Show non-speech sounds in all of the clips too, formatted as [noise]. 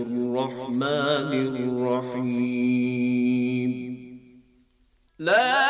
الرحمن الرحيم لا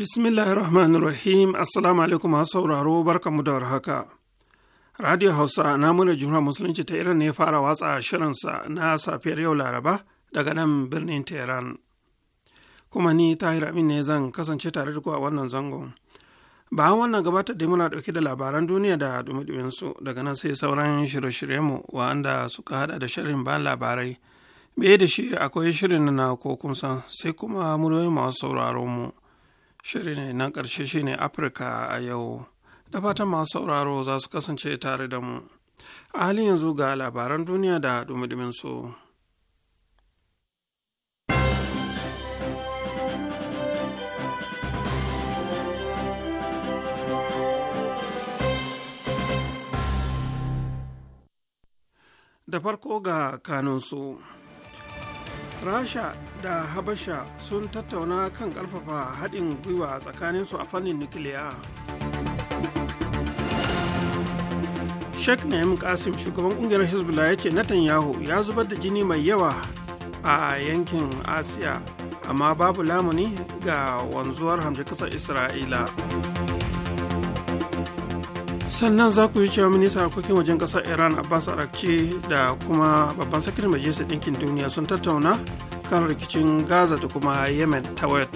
Bismillahir Rahmanir Rahim, Assalamu alaikum masu sauraro barkamu da warhaka. Radio Hausa na muna jumhuriyar Musulunci ta Iran ne fara watsa shirinsa na safiyar yau Laraba daga nan birnin Tehran. Kuma ni Tahir Amin ne zan kasance tare da ku a wannan zangon. Bayan wannan gabatar da muna dauke da labaran duniya da dumi-duminsu daga nan sai sauran shirye-shiryenmu wanda suka hada da shirin ban labarai. Biye da shi akwai shirin na kokunsa sai kuma muryoyin masu sauraron mu. shiri ne na ƙarshe shine afirka a yau da fatan masu sauraro za su kasance tare da mu a halin yanzu ga labaran duniya da dumi su. da farko ga kanunsu rasha da habasha sun tattauna kan karfafa haɗin gwiwa tsakaninsu a fannin nukiliya sheikh na'im kasim shugaban kungiyar hezbollah ya ce netanyahu ya zubar da jini mai yawa a yankin asiya amma babu lamuni ga wanzuwar hamshe kasar isra'ila sannan za ku yi cewa ministan harkokin wajen ƙasar iran abbas arakci da kuma babban sakirin majalisar ɗinkin duniya sun tattauna kan rikicin gaza da kuma yemen ta wayar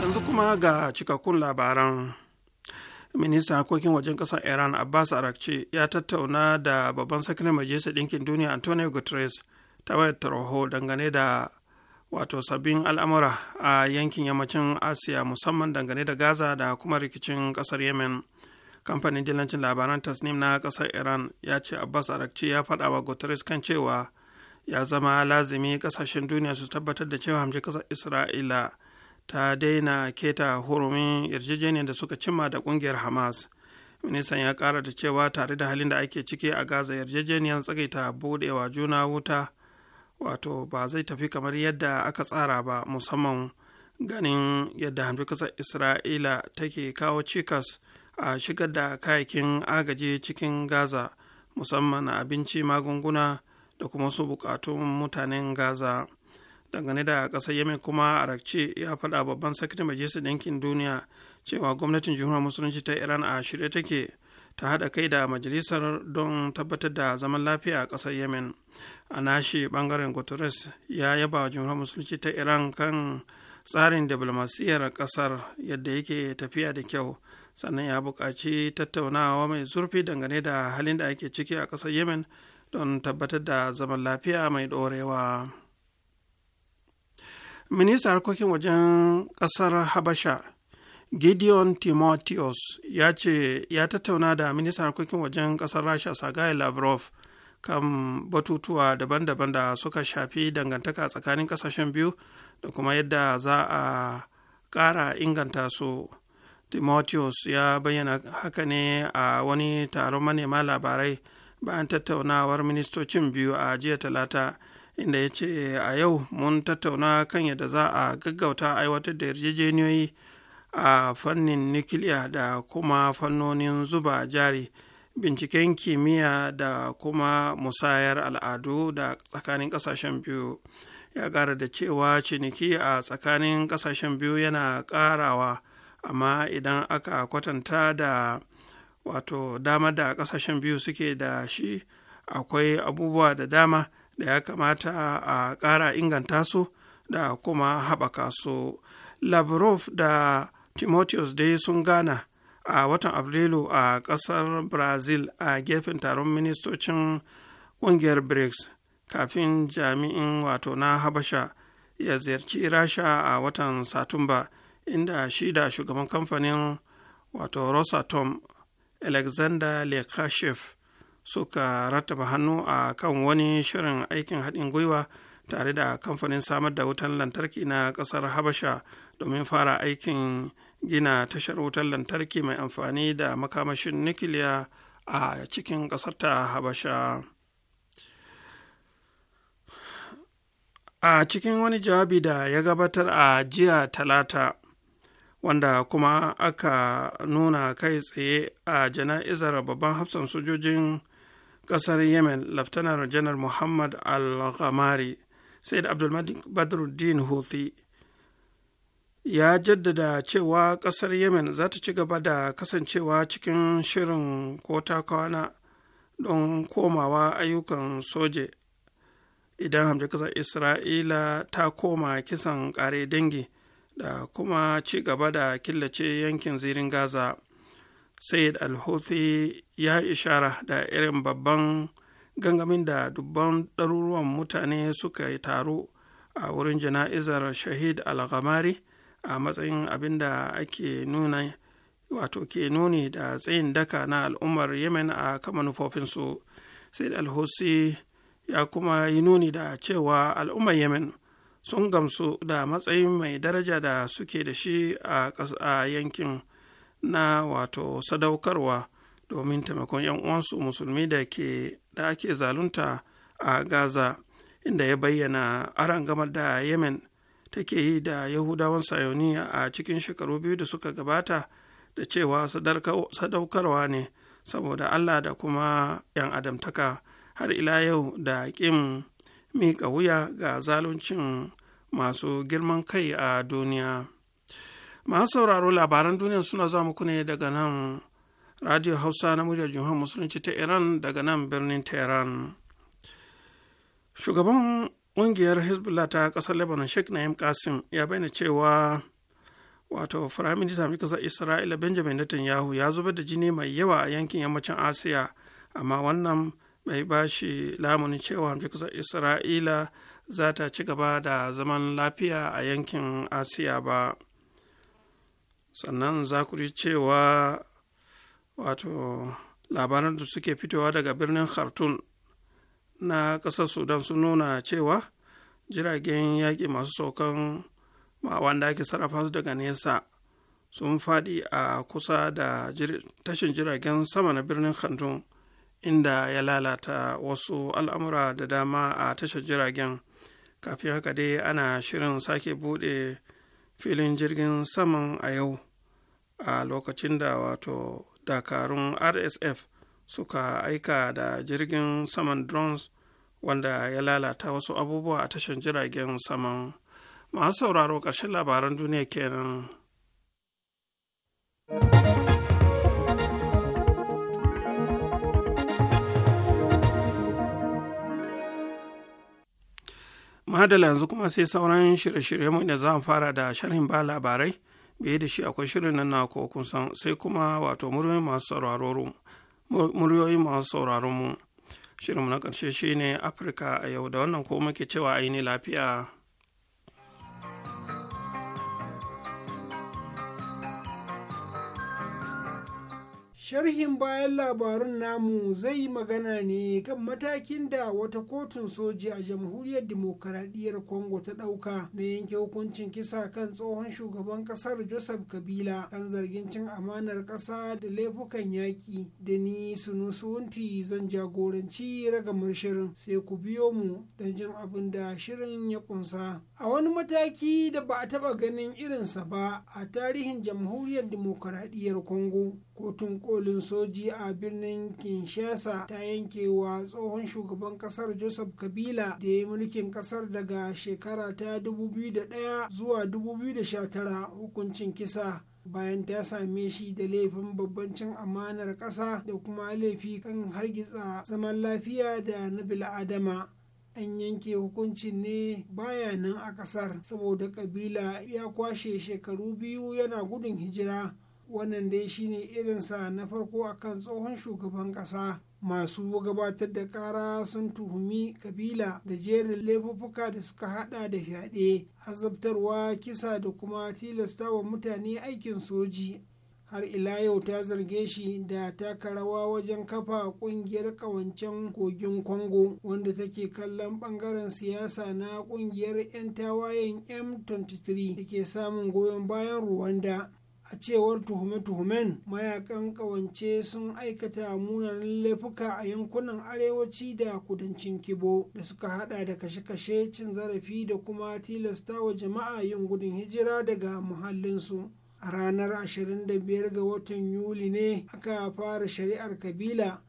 yanzu kuma ga cikakkun labaran ministan harkokin wajen ƙasar iran abbas arakci ya tattauna da babban sakirin majalisar ɗinkin duniya antonio guterres ta wayar tarho dangane da wato sabbin al'amura a yankin yammacin asiya musamman dangane da gaza da kuma rikicin kasar yemen kamfanin dillancin labaran tasnim na kasar iran ya ce abbas arakci ya faɗa wa guterres kan cewa ya zama lazimi ƙasashen duniya su tabbatar da cewa hamshe kasar isra'ila ta daina keta hurumin yarjejeniyar da suka cimma da kungiyar hamas ministan ya ƙara da cewa tare da halin da ake ciki a gaza yarjejeniyar tsagaita buɗewa juna wuta wato ba zai tafi kamar yadda aka tsara ba musamman ganin yadda hanfi kasar isra'ila take kawo cikas a shigar da kayakin agaji cikin gaza musamman abinci magunguna da kuma su bukatun mutanen gaza dangane da kasar yemen kuma arakci ya faɗa babban sakitin majalisar ɗinkin duniya cewa gwamnatin jihunar musulunci ta iran a shirye take ta haɗa kai da majalisar don tabbatar da zaman lafiya a ƙasar yemen a nashi ɓangaren guterres ya yaba wa jumhuriyar musulunci ta iran kan tsarin diplomasiyyar ƙasar yadda yake tafiya da kyau sannan ya buƙaci tattaunawa mai zurfi dangane da halin da ake ciki a ƙasar yemen don tabbatar da zaman lafiya mai ɗorewa ministan harkokin wajen ƙasar habasha gideon timotheus ya ce ya tattauna da ministan harkokin wajen kasar rasha sagai lavrov kan batutuwa daban-daban da suka shafi dangantaka tsakanin kasashen biyu da kuma yadda za a ƙara inganta su timotheus ya bayyana haka ne a wani taron manema labarai bayan tattaunawar ministocin biyu a jiya talata inda ya ce a yau mun tattauna kan yadda za a gaggauta aiwatar da yarjejeniyoyi a fannin nukiliya da kuma fannonin zuba jari binciken kimiyya da kuma musayar al'adu da tsakanin ƙasashen biyu ya ƙara da cewa ciniki a tsakanin ƙasashen biyu yana ƙarawa amma idan aka kwatanta da wato dama da ƙasashen biyu suke da shi akwai abubuwa da dama da ya kamata a ƙara inganta su da kuma haɓaka su lavrov da timotheus dai sun gana a watan afrilu a ƙasar brazil a gefen taron ministocin ƙungiyar brics kafin jami'in wato na habasha ya ziyarci rasha a watan satumba inda shi da shugaban kamfanin wato rosatom alexander lekashev suka rattaba hannu a kan wani shirin aikin haɗin gwiwa tare da kamfanin samar da wutan lantarki na ƙasar habasha domin fara aikin gina tashar wutar lantarki mai amfani da makamashin nukiliya a cikin ƙasar ta habasha a cikin wani jawabi da ya gabatar a jiya talata wanda kuma aka nuna kai tsaye a jana'izar babban hafsan sojojin ƙasar yemen laftanar janar muhammad al-ghamari said abdulmadin badruddin houthi ya jaddada cewa ƙasar yemen za ta ci gaba da kasancewa cikin shirin ko kwana don komawa ayyukan soje idan hamji kasar isra'ila ta koma kisan ƙare dangi da kuma ci gaba da killace yankin zirin gaza sayyid al-houthi ya ishara da irin babban gangamin da dubban ɗaruruwan mutane suka yi taro a wurin jana'izar shahid al-ghamari a matsayin abin da ake nuna wato ke nuni da tsayin daka na al'ummar yemen a kan manufofinsu sai alhosi ya kuma yi nuni da cewa al'ummar yemen sun gamsu da matsayin mai daraja da suke da shi a yankin na wato sadaukarwa domin taimakon 'yan uwansu musulmi da ke da ake zalunta a gaza inda ya bayyana arangamar da yemen take yi da yahudawan sayoniya a cikin shekaru biyu da suka gabata da cewa sadaukarwa ne saboda allah da kuma 'yan adamtaka har ila yau da ƙin miƙa wuya ga zaluncin masu girman kai a duniya masu sauraro labaran duniya suna za muku ne daga nan radio hausa na muryar jihar musulunci ta iran daga nan birnin tehran shugaban ƙungiyar hezbollah ta ƙasar lebanon sheikh na'im kasim ya bayyana cewa wato firaminista mai ƙasar isra'ila benjamin netanyahu ya zubar da jini mai yawa a yankin yammacin asiya amma wannan bai ba shi lamunin cewa mai ƙasar isra'ila za ta ci gaba da zaman lafiya a yankin asiya ba sannan za ku ji cewa wato labaran da suke fitowa daga birnin khartoum na ƙasar sudan sun nuna cewa jiragen yaƙi masu saukan wanda ake sarrafa su daga nesa sun faɗi a kusa da tashin jiragen sama na birnin khandun inda ya lalata wasu al'amura da dama a tashar jiragen kafin haka dai ana shirin sake buɗe filin jirgin saman a yau a lokacin da wato dakarun rsf suka aika da jirgin saman drones wanda ya lalata wasu abubuwa a tashin jiragen saman masu sauraro ƙarshen labaran duniya kenan. Madala yanzu kuma sai sauran shirye-shirye mu da za fara da sharhin ba labarai, biye da shi akwai shirin nan na kun sai kuma wato murmi masu sauraro muryoyi masu sauraron mu shirinmu na ƙarshe shine afirka a yau da wannan ko muke cewa aini lafiya sharhin bayan labarun namu zai yi magana ne kan matakin da wata kotun soji a jamhuriyar demokaradiyyar congo ta ɗauka na yanke hukuncin kisa kan tsohon shugaban ƙasar joseph kabila kan zargin cin amanar ƙasa da laifukan yaƙi da ni sunusunti zan jagoranci ragamar shirin sai ku biyo mu don jin abin da shirin ya kunsa a wani mataki da ba a taɓa ganin irinsa ba a tarihin jamhuriyar demokaradiyyar congo kotun kolin soji a birnin kinshasa ta yanke wa tsohon shugaban kasar joseph kabila da ya yi mulkin kasar daga shekara ta 2001 zuwa 2019 hukuncin kisa bayan ta same shi da laifin babban amanar ƙasa da kuma laifi kan hargitsa zaman lafiya da na bil'adama an yanke hukuncin ne bayanan a ƙasar saboda kabila ya kwashe shekaru biyu yana gudun hijira wannan dai shine irinsa na farko akan tsohon shugaban ƙasa masu gabatar da kara sun tuhumi kabila da jerin laifuffuka da suka hada da fyaɗe azabtarwa kisa da kuma tilasta wa mutane aikin soji har ila yau ta zarge shi da taka rawa wajen kafa kungiyar kawancen kogin congo wanda take kallon bangaren siyasa na kungiyar 'yan tawayen m23 da ke samun goyon bayan ruwanda a cewar tuhume-tuhumen mayakan kawance sun aikata munanan laifuka a yankunan arewaci da kudancin kibo da suka hada da kashe-kashe cin zarafi da kuma tilasta wa jama'a yin gudun hijira daga muhallinsu a ranar 25 ga watan yuli ne aka fara shari'ar kabila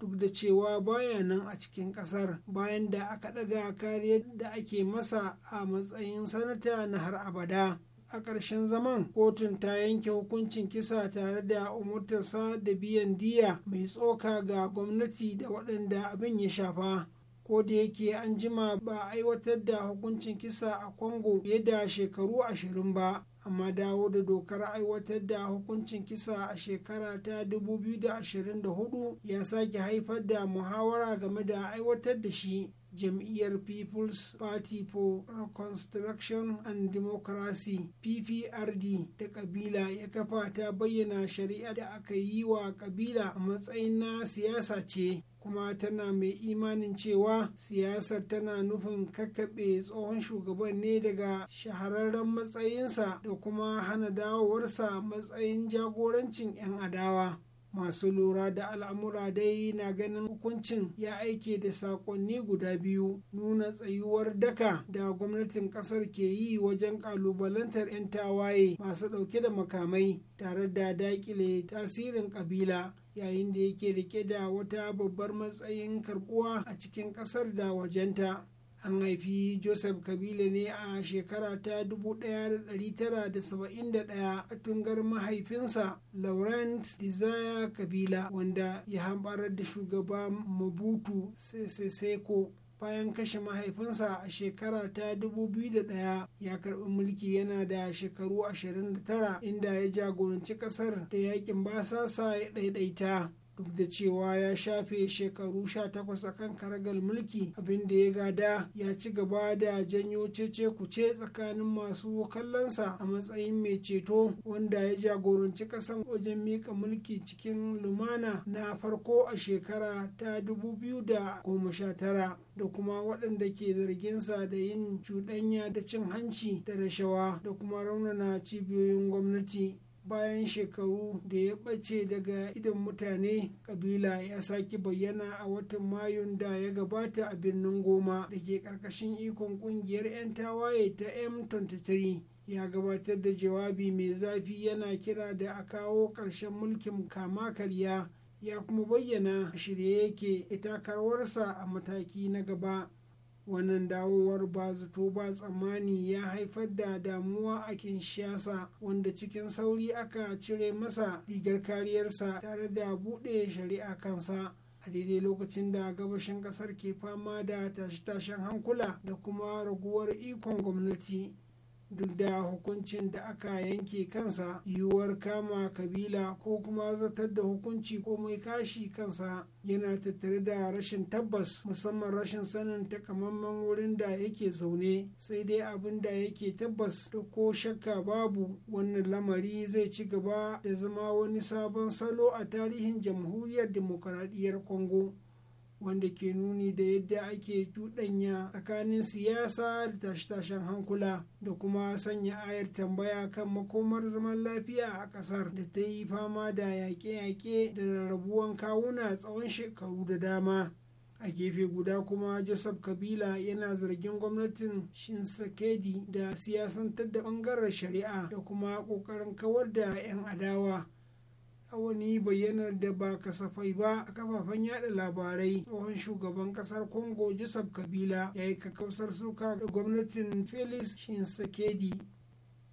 duk da cewa baya nan a cikin kasar bayan da aka daga kariyar da ake masa a matsayin sanata na har abada a ƙarshen zaman kotun ta yanke hukuncin kisa tare da umurtarsa da biyan diya mai tsoka ga gwamnati da waɗanda abin ya shafa ko da yake an jima ba aiwatar da hukuncin kisa a congo fiye da shekaru ashirin ba amma dawo da dokar aiwatar da hukuncin kisa a shekara ta 2024 ya sake haifar da muhawara game da aiwatar da shi jam'iyyar people's party for reconstruction and democracy pprd ta kabila ya kafa ta bayyana shari'a da aka yi wa kabila a matsayin na siyasa ce kuma tana mai imanin cewa siyasar tana nufin kakkaɓe tsohon shugaban ne daga shahararren matsayinsa da kuma hana dawowarsa matsayin jagorancin 'yan adawa masu lura da al'amura dai na ganin hukuncin ya aike da sakonni guda biyu nuna tsayuwar daka da gwamnatin kasar ke yi wajen kalubalantar 'yan tawaye masu ɗauke da makamai tare da dakile tasirin kabila yayin da yake rike da wata babbar matsayin karbuwa a cikin kasar da wajenta an haifi joseph kabila ne a shekara ta 1971 a tungar mahaifinsa laurent desire kabila wanda ya hambar da shugaba mobutu seko bayan kashe mahaifinsa a shekara ta 2001 ya karbi mulki yana da shekaru 29 inda ya jagoranci kasar da yakin basasa ya ɗaiɗaita duk da cewa ya shafe shekaru sha takwas a kan karagar mulki abin da ya gada ya ci gaba da janyo cece kuce tsakanin masu kallonsa a matsayin mai ceto wanda ya jagoranci kasan wajen mika mulki cikin lumana na farko a shekara ta 2019 da kuma waɗanda ke zarginsa da yin cuɗanya da cin hanci da rashawa da kuma raunana cibiyoyin gwamnati bayan shekaru da ya ɓace daga idan mutane kabila ya sake bayyana a watan mayun da ya gabata a birnin goma da ke ƙarƙashin ikon ƙungiyar 'yan tawaye ta m23 ya gabatar da jawabi mai zafi yana kira da a kawo ƙarshen mulkin kama karya ya kuma bayyana a shirye yake ita karwarsa a mataki na gaba wannan dawowar ba zato ba tsammani ya haifar da damuwa a kinshasa wanda cikin sauri aka cire masa rigar kariyarsa tare da buɗe shari'a kansa a daidai lokacin da gabashin ƙasar ke fama da tashe-tashen hankula da kuma raguwar ikon gwamnati duk da hukuncin da aka yanke kansa yiwuwar kama kabila ko kuma zartar da hukunci ko mai kashi kansa yana tattare da rashin tabbas musamman rashin sanin takamaiman wurin da yake zaune sai dai abin da yake tabbas da ko shakka babu wannan lamari zai ci gaba da zama wani sabon salo a tarihin jamhuriyar dimokuraɗiyyar congo wanda ke nuni da yadda ake cuɗanya tsakanin siyasa da tashe-tashen hankula da kuma sanya ayar tambaya kan makomar zaman lafiya a ƙasar da ta yi fama da yaƙe-yaƙe da rarrabuwan kawuna tsawon shekaru da dama a gefe guda kuma joseph kabila yana zargin gwamnatin shinsakedi da siyasantar da bangaren shari'a da kuma ƙoƙarin kawar da 'yan adawa a wani bayyanar da ba kasafai ba a kafafen yada labarai tsohon shugaban kasar congo joseph kabila ya yi kakausar suka da gwamnatin felix shinsakedi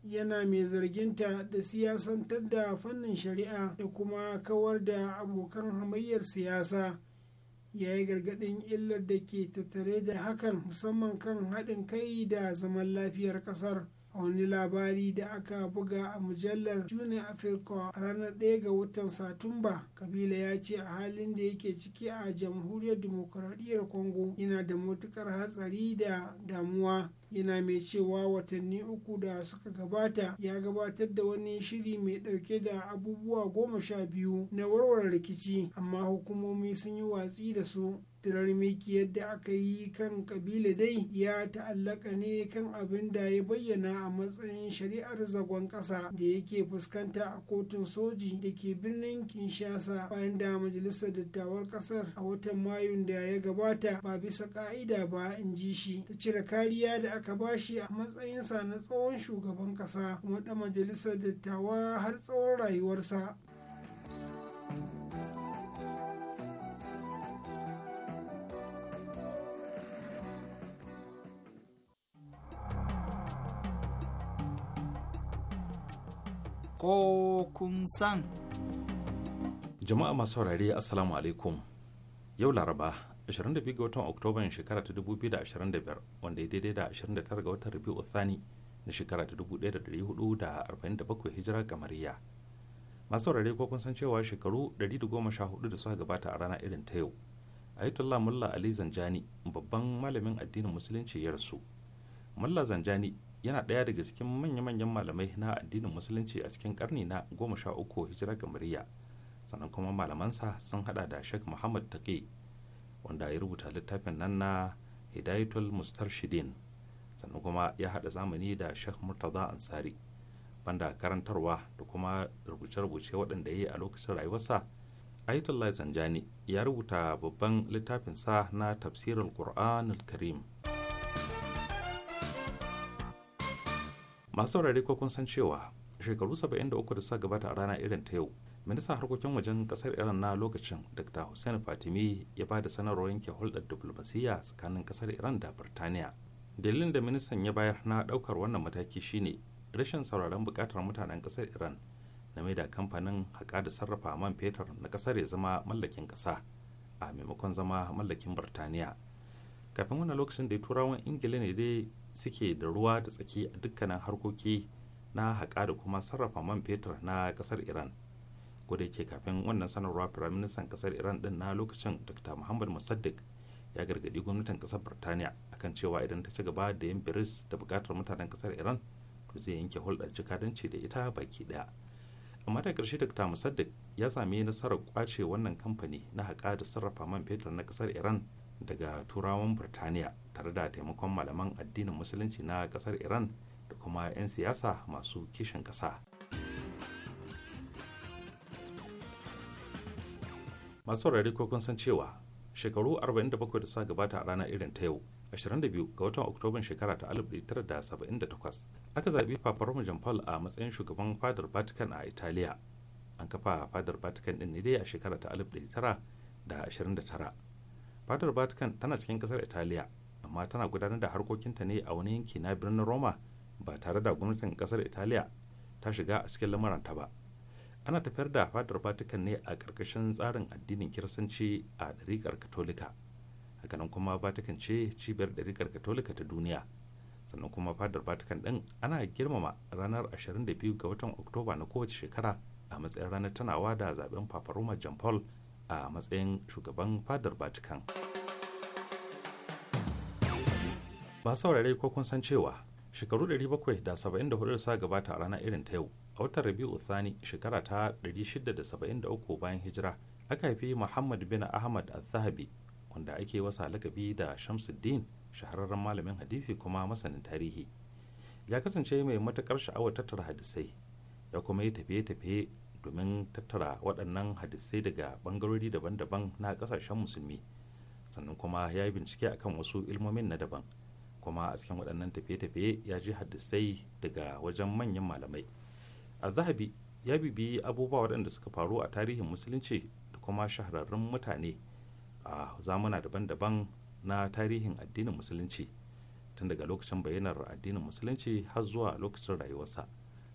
yana mai zarginta da siyasantar da fannin shari'a da kuma kawar da abokan hamayyar siyasa ya yi gargaɗin illar da ke tattare da hakan musamman kan haɗin kai da zaman lafiyar ƙasar. a wani labari da aka buga a mujallar juni afirka ranar 1 ga watan satumba kabila ya ce a halin da yake ciki a jamhuriyar demokuraɗiyyar congo yana da matukar hatsari da damuwa yana mai cewa watanni uku da suka gabata ya gabatar da wani shiri mai ɗauke da abubuwa goma sha biyu na warware rikici amma hukumomi sun yi watsi da su tirarmikiyar da aka yi kan kabila dai ya ta'allaka ne kan abin da ya bayyana a matsayin shari'ar zagon ƙasa da yake fuskanta a kotun soji da ke birnin kinshasa bayan da majalisar dattawar Ƙasar a watan mayun da ya gabata ba bisa ka'ida ba in ji shi ta cire kariya da aka bashi a matsayinsa na tsohon shugaban ƙasa, kuma da majalisar dattawa har tsawon rayuwarsa ko kun san. Jama'a masu saurare Assalamu alaikum. Yau Laraba, 22 ga watan oktoba shekara ta 2025 wanda ya daidai da 29 ga watan Rabi'u Thani na shekara ta 1447 hijira kamariya. Masu saurare ko kun san cewa shekaru 114 da suka gabata a rana irin ta yau. Ayatollah Mullah Ali Zanjani babban malamin addinin Musulunci ya rasu. Mullah Zanjani yana ɗaya daga cikin manya-manyan malamai na addinin musulunci a cikin karni na goma sha uku hijira ga gamariya sannan kuma malamansa sun hada da shek muhammad taƙi wanda ya rubuta littafin nan na hidayatul mustarshidin sannan kuma ya hada zamani da shek murtaza ansari banda karantarwa da kuma rubuce-rubuce waɗanda ya yi a lokacin rayuwarsa ayatollah zanjani ya rubuta babban littafinsa na tafsirin qur'anul karim masu saurare ko kun san cewa shekaru 73 da suka gabata a rana irin ta yau ministan harkokin wajen kasar iran na lokacin dr hussein fatimi ya ba da sanarwar yanke hulɗar diflomasiyya tsakanin kasar iran da birtaniya dalilin da ministan ya bayar na ɗaukar wannan mataki shine rashin sauraron buƙatar mutanen kasar iran mai da kamfanin haƙa da sarrafa man fetur na kasar ya zama mallakin ƙasa a maimakon zama mallakin birtaniya kafin wannan lokacin da turawan ingila ne dai suke da ruwa da tsaki a dukkanin harkoki na haƙa da kuma sarrafa man fetur na ƙasar iran da ke kafin wannan sanarwa firaministan ƙasar iran din na lokacin dr muhammad musaddiq ya gargaɗi gwamnatin ƙasar birtaniya akan cewa idan ta ci gaba da yin biris da buƙatar mutanen ƙasar iran to zai yanke hulɗar jikadanci da ita baki ɗaya amma da ƙarshe dr musaddiq ya sami nasarar kwace wannan kamfani na haƙa da sarrafa man fetur na ƙasar iran daga turawan birtaniya tare da taimakon malaman addinin musulunci na kasar iran da kuma 'yan siyasa masu kishin kasa masu saurari ko kun san cewa shekaru 47 da suka gabata a rana irin ta yau 22 ga watan oktoban shekara ta 1978 aka zaɓi papa jean paul a matsayin shugaban fadar vatican a italiya an kafa fadar vatican din ne dai a shekara ta 1929 fadar vatican tana cikin kasar italiya amma tana gudanar da harkokinta ne a wani yanki na birnin roma ba tare da gwamnatin kasar italiya ta shiga a cikin ta ba ana tafiyar da fadar vatican ne a ƙarƙashin tsarin addinin kiristanci a ɗariƙar katolika hakanan kuma vatican ce cibiyar ɗariƙar katolika ta duniya sannan kuma fadar vatican ɗin ana girmama ranar 22 ga watan oktoba na kowace shekara a matsayin ranar tanawa da zaben papa roma jean paul a matsayin shugaban fadar vatican masu saurare ko kun san cewa shekaru 774 sa gabata a rana irin ta yau a watan rabi'u thani shekara ta 673 bayan hijira aka haifi muhammad bin ahmad al-zahabi wanda ake wasa lakabi da shamsuddin shahararren malamin hadisi kuma masanin tarihi ya kasance mai matukar sha'awar tattara hadisai ya kuma yi tafiye-tafiye domin tattara waɗannan hadisai daga ɓangarori daban-daban na ƙasashen musulmi sannan kuma ya yi bincike akan wasu ilmomin na daban kuma a cikin waɗannan tafiye-tafiye ya ji hadisai daga wajen manyan malamai a zahabi ya bibi abubuwa waɗanda suka faru a tarihin musulunci da kuma shahararrun mutane a zamana daban-daban na tarihin addinin musulunci tun daga lokacin bayyanar addinin musulunci har zuwa lokacin rayuwarsa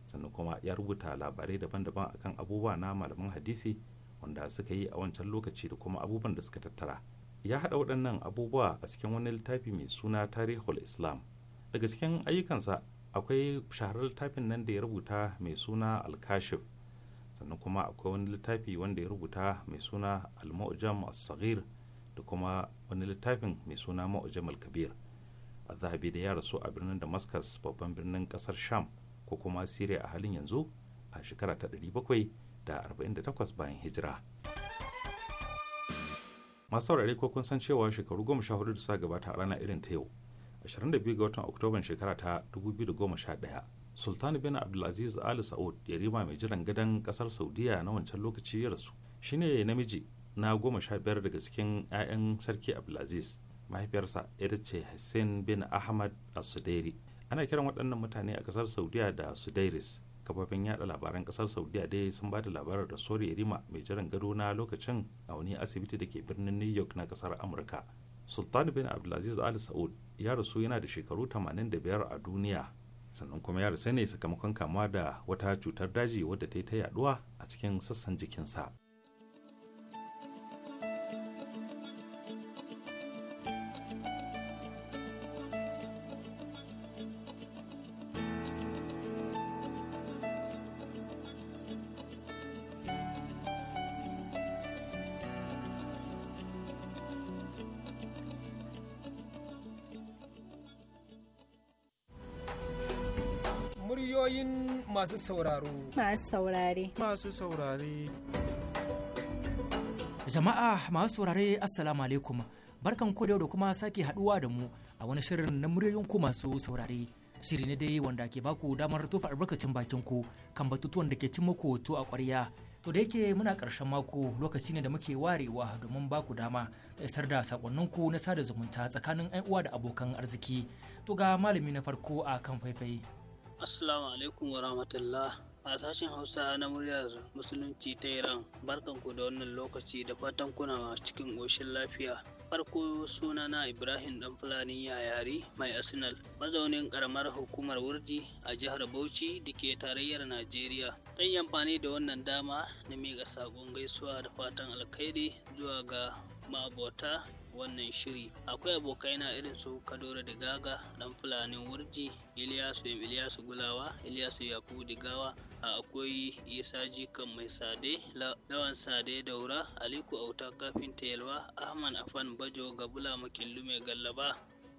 sannan kuma ya rubuta labarai daban-daban akan abubuwa na malaman hadisi wanda suka yi a wancan lokaci da kuma abubuwan da suka tattara ya haɗa waɗannan abubuwa a cikin wani littafi mai suna tarihul islam daga cikin ayyukansa akwai shaharar littafin nan da ya rubuta mai suna alkashif sannan kuma akwai wani littafi wanda ya rubuta mai suna al-mu'jam as-saghir da kuma wani littafin mai suna mu'jam al-kabir zahabi da ya rasu a birnin damascus babban birnin kasar sham ko kuma syria a halin yanzu a shekara ta 748 bayan hijira. masu saurare ko kun san cewa shekaru goma sha hudu da suka gabata a rana irin ta yau 22 ga watan oktoban shekara ta 2011 sultan bin abdulaziz ali sa'ud yarima mai jiran gadon kasar saudiya na wancan lokaci ya rasu shine namiji na goma sha biyar daga cikin 'ya'yan sarki abdulaziz mahaifiyarsa ita ce Hassan bin ahmad a sudairi ana kiran waɗannan mutane a kasar saudiya da sudairis kafafen yada labaran kasar saudiya dai sun ba da labarar da sori rima mai jiran gado na lokacin a wani asibiti da ke birnin new york na kasar amurka sultan bin abdulaziz al saud ya rasu yana da shekaru 85 a duniya sannan kuma ya rasu ne sakamakon kamuwa da wata cutar daji wadda ta yi ta yaduwa a cikin sassan jikinsa. Muryoyin masu sauraro. Masu saurare. Masu saurare. Jama'a masu saurare Assalamu alaikum. Barkan ku da kuma sake haduwa da mu a wani shirin na muryoyin ku masu saurare. Shiri ne dai wanda ke baku damar tofa albarkacin bakin ku kan batutuwan da ke cin muku to a ƙwarya. To da yake muna karshen mako lokaci ne da muke warewa domin baku dama da isar da ku na sada zumunta tsakanin 'yan uwa da abokan arziki. To ga malami na farko a kan faifai. Assalamu alaikum wa rahmatullah. A sashen Hausa na muryar Musulunci ta Iran, barkan ku da wannan lokaci da fatan kuna cikin ƙoshin lafiya. Farko sunana Ibrahim Dan Fulani Yayari mai Arsenal, mazaunin karamar hukumar Wurji a jihar Bauchi da ke tarayyar Najeriya. Zan yi amfani da wannan dama na mika saƙon gaisuwa da fatan alkhairi zuwa ga ma'abota wannan shiri akwai abokai na irin su kadoro Digaga gaga dan fulanin wurji iliyasu iliyasu gulawa iliyasu yakubu digawa akwai isa jikan mai sade lawan sade daura aliku auta kafin yalwa ahman afan bajo gabula makillu mai gallaba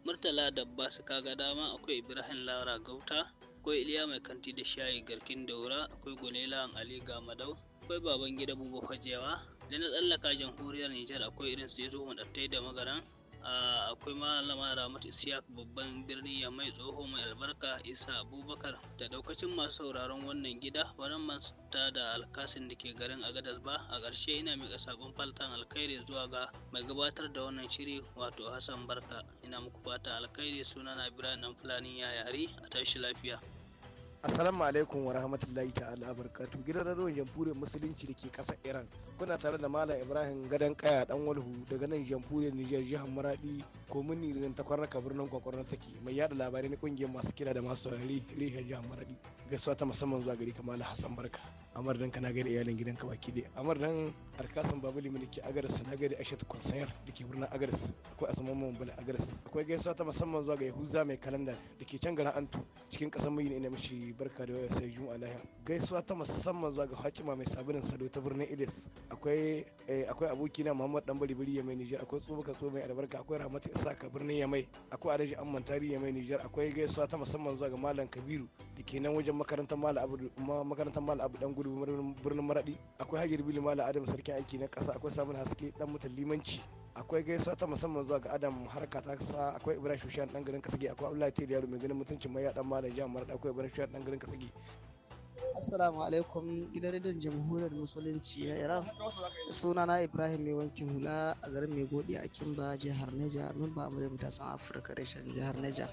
murtala dabba su kaga dama akwai ibrahim lara gauta akwai iliya mai kanti da shayi garkin daura akwai gulela ali gamadau akwai baban gida buba fajewa da na tsallaka jamhuriyar nijar akwai irin su yazo madattai da magaran akwai malama ramatu isiyak babban birni ya mai tsoho mai albarka isa abubakar da daukacin masu sauraron wannan gida baran masta da alkasin da ke garin agadas ba a ƙarshe ina miƙa sabon faltan alkhairi zuwa ga mai gabatar da wannan shiri wato hassan barka ina muku fata alkhairi suna na biranen fulani yari a tashi lafiya Assalamu alaikum wa rahmatullahi ta'ala barkatu gidan radon jamhuriyar musulunci da ke ƙasar Iran. Kuna tare da Malam Ibrahim Gadan Kaya Dan Walhu daga nan jamhuriyar Nijar jihar Maradi ko komini rin ta kwarnaka birnin kwakwarna take mai yada labarai na kungiyar masu kira da masu saurari rihar jihar Maradi. Gaisuwa ta musamman zuwa gari kamar Hassan Barka. Amar dan kana gaida iyalin gidan ka baki dai. Amar dan Arkasan Babali mu ke Agaris na gaida Aishatu Konsayar dake birnin Agaris. Akwai Asman bala Agaris. Akwai gaisuwa ta musamman zuwa ga Yahuza mai kalanda dake can garin Antu cikin ƙasar mai ne mishi barka da waya sai juma'a lahiya gaisuwa ta musamman zuwa ga hakima mai sabirin sado ta birnin ilis akwai eh, akwai abokina muhammad dan bari ya mai nijar akwai tsubuka tso mai albarka akwai rahmatu ka birnin yamai akwai adaji amman tari ya mai nijar akwai gaisuwa ta musamman zuwa ga malam kabiru da ke nan wajen makarantar malam abu makarantar malam abu dan gudu birnin maradi akwai hajjar bili malam adam sarkin aiki na kasa akwai samun haske dan mutan limanci akwai gaisuwa ta musamman zuwa ga adam harka ta kasa akwai ibrahim shushan dan garin kasige akwai abdullahi yaro mai ganin mutuncin mai yadan malam jihar mara akwai ibrahim shushan dan garin kasige Assalamu alaikum gidan rediyon jamhuriyar musulunci na Iran. Sunana Ibrahim mai wankin hula a garin mai godi a Kimba jihar Neja, mun ba mu da matasan Afirka reshen jihar Neja.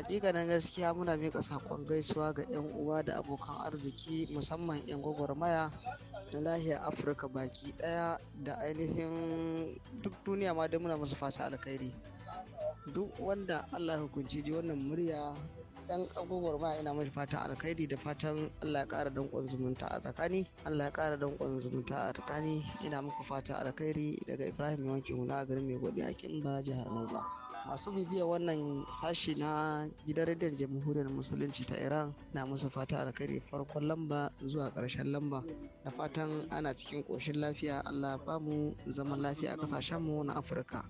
hakikanin gaskiya muna mika sakon gaisuwa ga 'yan uwa da abokan arziki musamman 'yan gwagwarmaya na lahiyar afirka baki daya da ainihin duk duniya ma dai muna musu fasa alkhairi duk wanda allah hukunci ji wannan murya dan abubuwar ma ina mashi fatan alkhairi da fatan Allah ya kara dankon zumunta a tsakani Allah ya kara dankon zumunta a tsakani ina muku fatan alkhairi daga Ibrahim Yawanci Huna a garin Mai godiya a Kimba jihar Niger masu bibiya wannan sashi na gidan rediyon jamhuriyar musulunci ta iran na musu fata alkhairi farkon lamba zuwa karshen lamba da fatan ana cikin koshin lafiya allah ba mu zaman lafiya a kasashen mu na afirka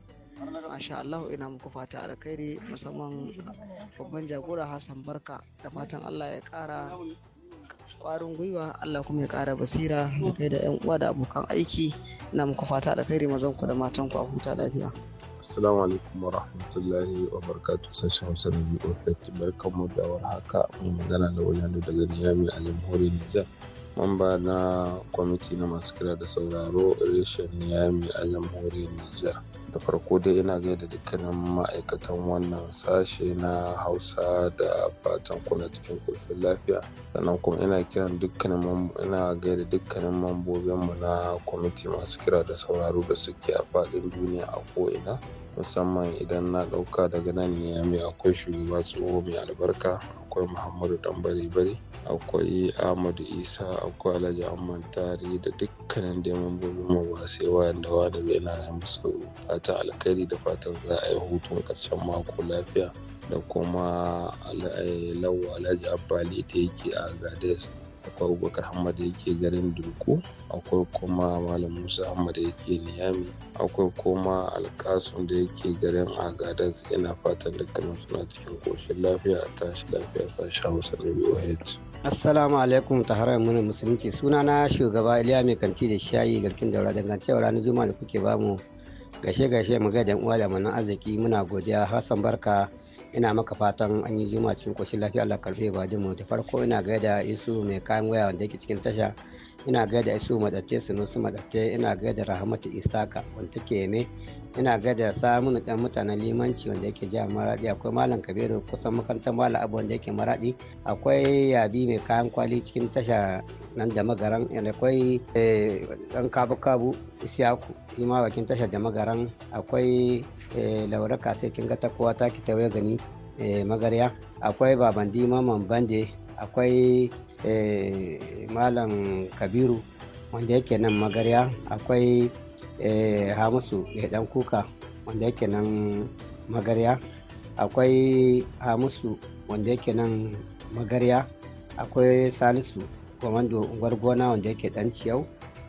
masha allahu ina muku fata alkhairi musamman babban jagora Hassan Barka da fatan Allah ya kara kwarin gwiwa Allah kuma ya kara basira da kai da 'yan uwa da abokan aiki ina muku fata alkhairi mazan ku da matan ku a huta lafiya Assalamu alaikum wa rahmatullahi wa barakatuh sashen Hausa na biyu Barkan mu da warhaka mai magana da Wajando daga Niyami a jamhuriyar Nijar. Mamba na kwamiti na masu kira da sauraro reshen Niyami a jamhuriyar Nijar. da farko dai ina gaida dukkanin ma'aikatan wannan sashe na hausa da fatan kuna cikin kofin lafiya sannan kuma ina kiran dukkanin ina gaida dukkanin mambobinmu na kwamiti masu kira da sauraro da suke a faɗin duniya a ko ina musamman idan na ɗauka daga nan mai akwai shugaba tsoho mai albarka akwai muhammadu dan bari bari akwai ahmadu isa akwai alhaji amman tari da dukkanin da mambobin mu ba sai wayanda wani bai na musu fatan alkhairi da fatan za a yi hutun karshen mako lafiya da kuma eh, alhaji abbali da yake a gades akwai abubakar hamad da yake garin durko akwai kuma malam musa hamad da yake niyami akwai kuma alkasun da yake garin agadas ina fatan dukkanin suna cikin koshin lafiya a tashi lafiya sa hausa na boh assalamu alaikum taharar muna musulunci sunana shugaba iliya mai kanti da shayi garkin daura dangancewa ranar juma'a da kuke bamu gashe gashe mu ga uwa da manan arziki muna godiya hassan barka ina maka fatan an yi juma cikin koshin lafiya Allah karfe ba mu da farko ina gaida isu mai kayan waya wanda yake cikin tasha ina gaida isu madatte sunusu madatte ina gaida rahmatu isaka wanda take yeme ina gada samun dan mutanen limanci wanda yake jihar maradi akwai malam kabiru kusan makarantar malam abu wanda yake maradi akwai yabi mai kayan kwali cikin tasha nan da magaran akwai dan eh, kabu kabu isiyaku shi ma bakin tasha da magaran akwai eh, laura kase kin ga ta kowa ta ki tawaye gani eh, magarya akwai baban dima bande akwai malam kabiru wanda yake nan magarya akwai Eh, hamisu ya eh, dan kuka wanda yake nan magarya akwai hamisu wanda yake nan magarya akwai salisu gwamando unguwar gona wanda yake dan ciyau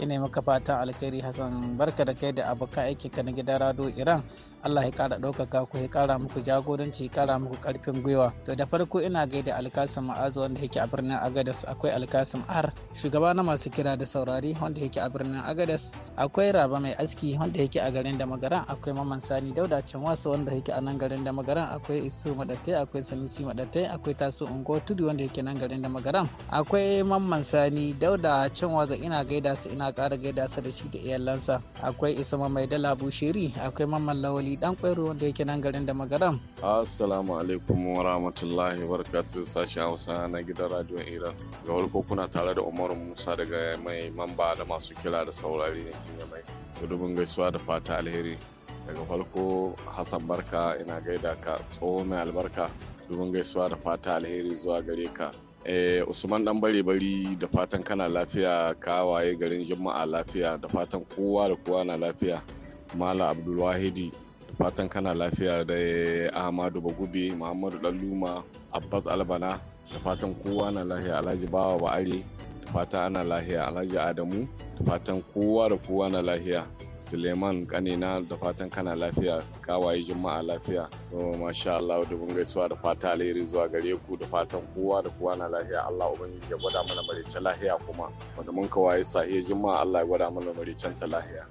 ina maka fatan alkhairi hassan barka da kai da abokan aiki ka na gidan rado iran Allah ya kara ɗaukaka ku ya kara muku jagoranci ya kara muku karfin gwiwa to da farko ina gaida alkasim ma'azu wanda yake a birnin agadas akwai alkasim ar shugaba na masu kira da saurari wanda yake a birnin agadas akwai raba mai aski wanda yake a garin da magaran akwai maman sani dauda wasu wanda yake a nan garin da magaran akwai isu madatai akwai sanusi madatai akwai tasu ungo tudu wanda yake nan garin da magaran akwai mamman sani dauda waza ina gaida su ina kara gaida su da shi da iyalansa akwai Isu mai dala bushiri akwai Maman lawali Ali Kwairo wanda yake nan garin da magaram. Assalamu alaikum wa rahmatullahi wa barakatuh sashen Hausa na gidan Radio Iran. Ga farko kuna tare da Umaru Musa daga mai mamba da masu kira da saurari na kinya mai. Gudubin gaisuwa da fata alheri. Daga farko Hassan Barka ina gaida ka tsoho mai albarka. Gudubin gaisuwa da fata alheri zuwa gare ka. Eh, usman dan bare bari da fatan kana lafiya ka waye garin juma'a lafiya da fatan kowa da kowa na lafiya mala abdulwahidi Fatan kana lafiya da Ahmadu bagubi Muhammadu Ɗanluma, Abbas Albana, da fatan kowa na lahiya Alhaji Bawa Ba'are, da fatan ana lahiya Alhaji Adamu, da fatan kowa da kowa na lahiya. Suleiman Kanina da fatan kana lafiya kawaye juma'a lafiya to masha Allah da mun gaisuwa da fata alheri zuwa gare ku da fatan kowa da kowa na lafiya Allah ubangiji ya gwada mana maricin lafiya kuma wanda mun kawaye sahiya juma'a Allah ya gwada mana maricin ta lafiya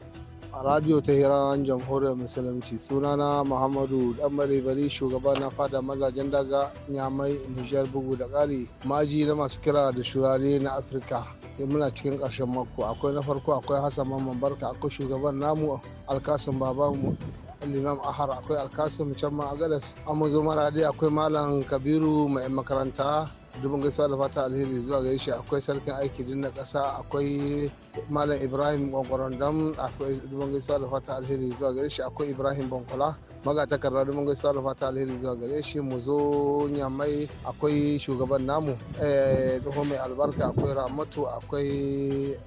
a radio ta hiran jamhuriyar musulunci sunana muhammadu dan bari shugaba na fada mazajen daga nyamai nijar bugu da ƙari maji na masu kira da shurare na afirka In eh, muna cikin ƙarshen mako akwai na farko akwai hassan mamman barka akwai shugaban namu alkasun babanmu limam ahar akwai alkasun can ma agadas amma akwai malam kabiru mai makaranta dubin gaisuwa da fata alheri zuwa gaishe akwai sarkin aiki dinna na kasa akwai malam ibrahim gwangwaron dam akwai dubban gaisuwa da fata alheri zuwa gare shi akwai ibrahim bankola magatakarda dubban gaisuwa da fata alheri zuwa gare shi mu zo nyamai akwai shugaban namu eh, tsoho mai albarka akwai ramatu akwai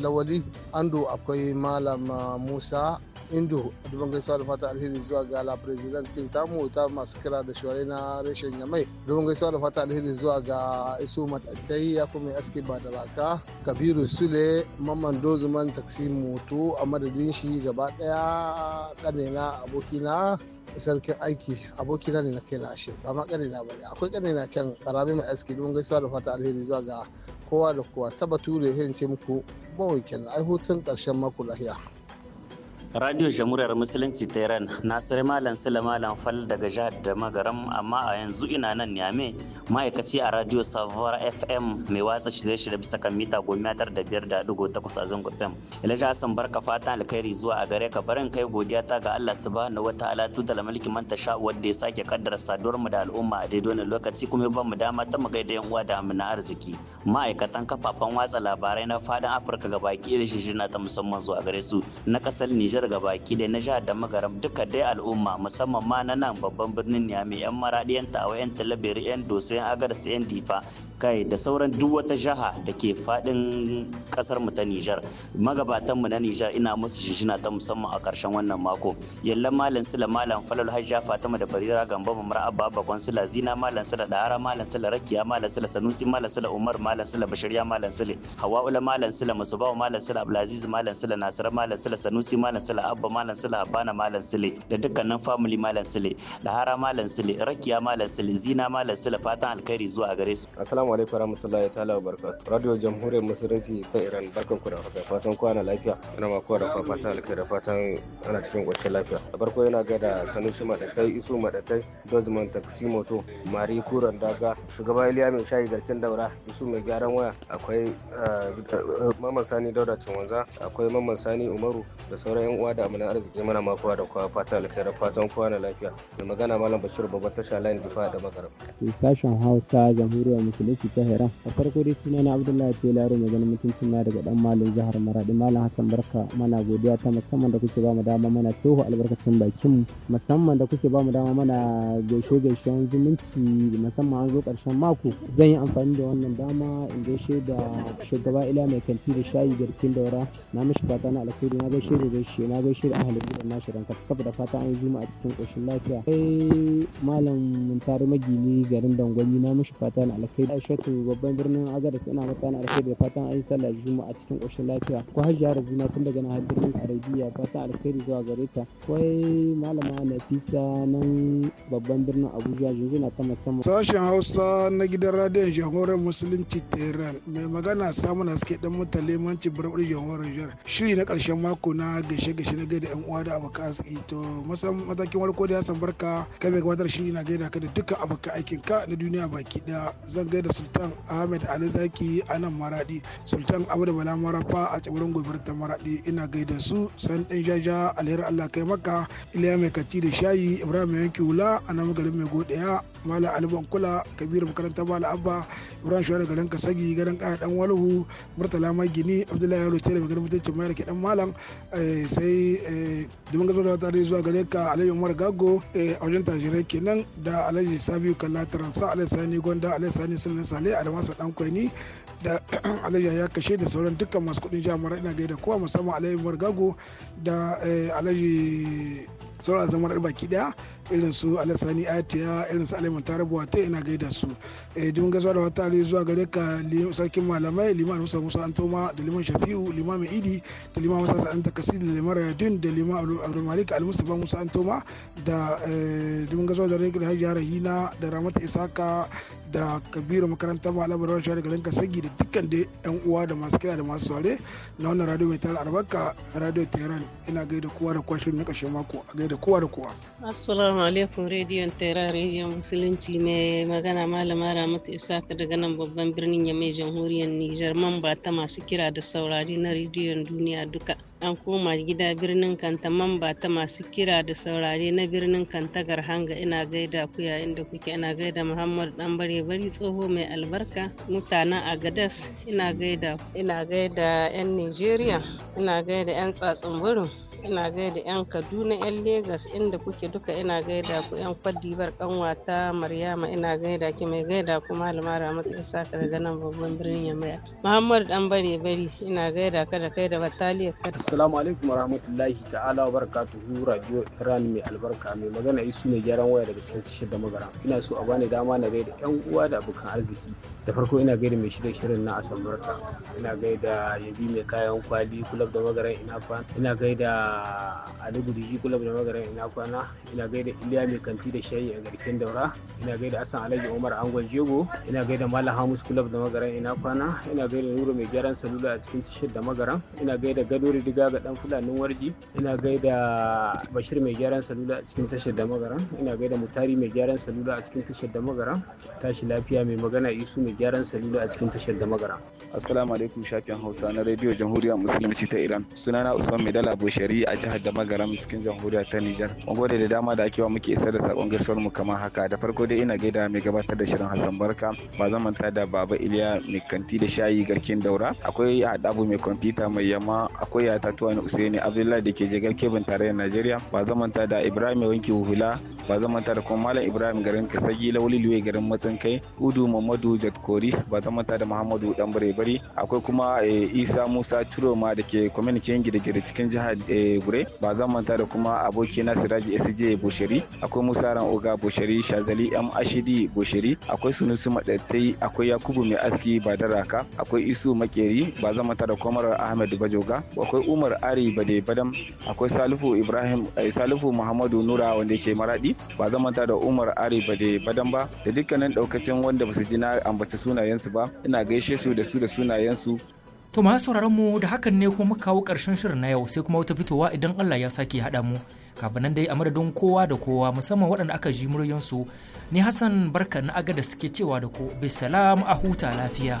lawali andu akwai malam ah, musa indo dubban gaisuwa da fata alheri zuwa ga la president king tamu ta masu kira da shuwarai na reshen yamai dubban gaisuwa da fata alheri zuwa ga isu matattai ya kuma aski ba da raka kabiru sule mamman dozuman taksi moto a madadin shi gaba daya Kanena, abokina sarkin aiki abokina ne na kai na ashe ba ma kanina ba ne akwai Kanena can karami mai aski dubban gaisuwa da fata alheri zuwa ga kowa da kowa ta bature ya muku ban weekend ai hutun karshen mako lahiya Radio Jamhuriyar Musulunci ta Iran sare Malam Sule Malam Fal daga jihar da Magaram amma a yanzu ina nan Niamey ma'aikaci a Radio Savar FM mai watsa shirye-shirye bisa kan mita goma tar da biyar da dugo takwas a zango FM. Ilaja Hassan barka fatan alkhairi zuwa a gare ka barin kai godiya ta ga Allah Su Ba na subhanahu Ala tutal mulki man tasha wanda ya sake kaddara saduwar mu da al'umma a daidai wannan lokaci kuma ba mu dama ta mu gaida yan uwa da mu na arziki. Ma'aikatan kafafen watsa labarai na fadin Afirka gabaki da shirye na ta musamman zuwa gare su na kasar Nijar Nijar ga baki da na jihar da magaram duka dai al'umma musamman ma na nan babban birnin Niamey yan maradi yan tawa yan talabiri yan dosu yan agadas yan difa kai da sauran duk wata jiha da ke faɗin ƙasar mu ta Nijar magabatan mu na Nijar ina musu shinshina ta musamman a ƙarshen wannan mako yalla malam sula malam falal hajja fatima da barira gamba mamra abba bakon sula zina malam sula dahara malam sula rakiya malam sula sanusi malam sula umar malam sula Bashirya malam sula hawa'ula malam sula musubawa malam sula abdulaziz malam sula Nasir malam sula sanusi malam sula abba malam sula habana malam sule da dukkanin family malam sule dahara malam sule rakiya malam sule zina malam Sula, fatan alkhairi zuwa gare su assalamu Assalamu alaikum warahmatullahi ta'ala wabarakatuh. Radio Jamhuriyar Musulunci ta Iran barkan ku da haka fatan ana lafiya. Ina ma kowa da fata alkai da fatan ana cikin ƙoshin lafiya. Da farko yana ga da Sanusi Madatai, Isu Madatai, Dozman moto Mari Kuran Daga, Shugaba Iliya Mai Shayi Garkin Daura, Isu Mai Gyaran Waya, akwai eh, Mamman Sani Dauda Cinwanza, akwai Mamman Sani Umaru da sauran 'yan uwa da amina arziki mana ma kowa da kowa fata alkai da fatan ana lafiya. Mai magana Malam Bashir Babban Tasha Layin Difa da Magaram. Sashen Hausa Jamhuriyar Musulunci musulunci ta Iran. a farko dai suna na Abdullahi Telaro mai ganin mutuncin na daga dan Malam Jihar Maradi Malam Hassan Barka mana godiya ta musamman da kuke ba mu dama mana toho albarkacin bakin musamman da kuke ba mu dama mana gaishe gaishen zumunci musamman an zo karshen mako zan yi amfani da wannan dama in gaishe da shugaba ila mai kanti da shayi garkin daura na mishi fata na alkhairi na gaishe da gaishe na gaishe da ahalin gidan nashi ranka kafa da fata an yi a cikin koshin lafiya kai malam tare magini garin dangwani na mishi fata na alkhairi Aishatu babban birnin Agadas ina mata na alkhairi da fatan an yi sallah juma'a cikin ƙoshin lafiya ko hajiya Razina tun daga nan birnin Arabiya fatan alkhairi zuwa gare ta kai malama Nafisa nan babban birnin Abuja na ta musamman sashen Hausa na gidan radiyon jamhuriyar musulunci Tehran mai magana na suke dan mutale manci birnin jamhuriyar Jihar shiri na ƙarshen mako na gashe-gashe na gaida yan uwa da abokan arziki to musamman matakin warko da ya san barka kai mai gabatar shiri na gaida ka da dukkan abokan aikin ka na duniya baki daya zan gaida sultan ahmed ali zaki a nan maradi sultan abu da bala marafa a tsibirin gobe ta maradi ina gaida su san ɗan jaja alherin allah kai maka iliya mai kaci da shayi ibrahim yanki wula a nan garin mai godiya mala aliban kula kabiru makaranta bala abba ibrahim shawara garin kasagi garin kaya dan walhu murtala mai gini abdullahi yaro tele mai garin mutuncin mayar ke dan malam eh, sai eh, domin gazo da tare zuwa gare ka alayyar umar gago eh, a wajen tajirai kenan da alhaji sabiu kalla taransa alayyar sani gonda alayyar sani sun Sani Sale Adamasa Dankwaini da [clears throat] Alayya ya kashe da sauran dukkan masu kudin jami'ar ina gaida kowa musamman Alayyi Gago da eh, Alayyi sauran da baki daya irin su alasani atiya irin su aliman tarabuwa ta ina gaida su eh dun gaisuwa da wata ali zuwa gare ka sarkin malamai liman musa musa antoma da liman shafi'u liman mai idi da liman musa sa'an kasi da liman rayadun da liman abdulmalik almusufa musa antoma da eh, dun gaisuwa da rikin da hajiya rahina da ramata isaka da kabiru makaranta malabar rawar shari'a garin kasagi da dukkan da yan uwa da masu kira da masu saurare na wannan radio mai tara albarka radio tehran ina gaida kowa da kwashin na kashe mako a gaida da kowa da kowa. Assalamu alaikum rediyon tera rediyon musulunci mai magana malama Ramatu ka daga nan babban birnin Yamai jamhuriyar Nijar man ba ta masu kira da saurari na rediyon duniya duka. An koma gida birnin Kanta man ba ta masu kira da saurari na birnin Kanta hanga. ina gaida ku yayin da kuke ina gaida Muhammad dan bare bari tsoho mai albarka mutanen Agadas ina ina gaida 'yan Nijeriya ina gaida 'yan tsatsun wurin ina gaida 'yan kaduna 'yan Legas inda kuke duka ina gaida ku 'yan kwadibar kanwata maryama ina gaida ki mai gaida ku malama ramatu isa daga nan babban birnin yamaya muhammad dan bare bari ina gaida ka da kai da bataliya assalamu alaikum warahmatullahi ta'ala barakatuhu radio iran mai albarka mai magana isu mai gyaran waya daga cikin tashar da magara ina so a bani dama na gaida 'yan uwa da abokan arziki da farko ina gaida mai shirye shirin na asambarka ina gaida yabi mai kayan kwali kulab da magaran ina ina gaida Ali Gurji kulob da Magaran ina kwana ina gaida Iliya mai kanti da shayi a garkin daura ina gaida Asan Alhaji Umar Angon Jego ina gaida Malam Hamus Kulab da Magaran ina kwana ina gaida Nuru mai gyaran salula a cikin tishir da Magaran ina gaida Gado Ridiga ga dan Fulanin Warji ina gaida Bashir mai gyaran salula a cikin tashar da Magaran ina gaida Mutari mai gyaran salula a cikin tashar da Magaran tashi lafiya mai magana Isu mai gyaran salula a cikin tashar da Magaran Assalamu alaikum shafin Hausa na rediyo Jamhuriyar Musulunci ta Iran sunana Usman dala Boshari a jihar Damagaram cikin jamhuriyar ta Nijar. Mun gode da dama da ake wa muke isar da sakon gaisuwar mu kamar haka. Da farko dai ina gaida mai gabatar da shirin Hassan Barka, ba zan manta da Baba Iliya mai kanti da shayi garkin daura. Akwai Adabu mai kwamfuta mai yamma, akwai Yatatuwa Usaini Abdullahi da ke jigar kebin tarayyar Najeriya. Ba zan manta da Ibrahim wanki huhula ba zan manta da kuma malam ibrahim garin kasagi lauli liwe garin matsin kai udu mamadu jatkori ba zama manta da muhammadu dan bare akwai kuma eh, isa musa turoma da ke kwamitin gida-gida cikin jihar eh, gure ba zama manta da kuma aboki na siraji sj bushari akwai musa ran oga bushari shazali m ashidi bushari akwai sunusu madattai akwai yakubu mai aski badaraka akwai isu makeri ba zama manta da kwamar ahmed bajoga akwai umar ari bade badam akwai salifu ibrahim eh, salifu muhammadu nura wanda yake maradi ba zan manta da Umar Ari da Badan ba da dukkanin daukacin wanda ba su ji na ambaci sunayensu ba ina gaishe su da su da sunayensu To masu sauraron mu da hakan ne kuma muka kawo karshen shirin na yau sai kuma wata fitowa idan Allah ya sake hada mu. Kafin nan dai a madadin kowa da kowa musamman waɗanda aka ji muryansu ni Hassan Barka na agada suke cewa da ku bisalam a huta lafiya.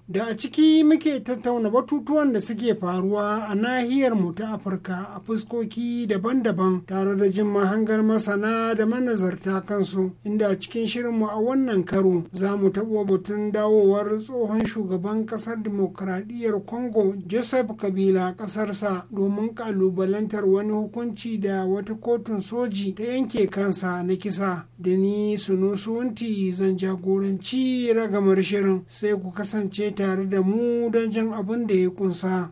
da a ciki muke tattauna batutuwan da suke faruwa a nahiyar mu ta afirka a fuskoki daban-daban tare da jin mahangar masana da manazarta kansu inda a cikin shirinmu a wannan karo za mu taɓo batun dawowar tsohon shugaban ƙasar dimokuraɗiyyar congo joseph kabila ƙasarsa domin ƙalubalantar wani hukunci da wata kotun soji ta yanke kansa na kisa da ni sunusunti zan jagoranci ragamar shirin sai ku kasance tare da mu don jan abin da ya kunsa.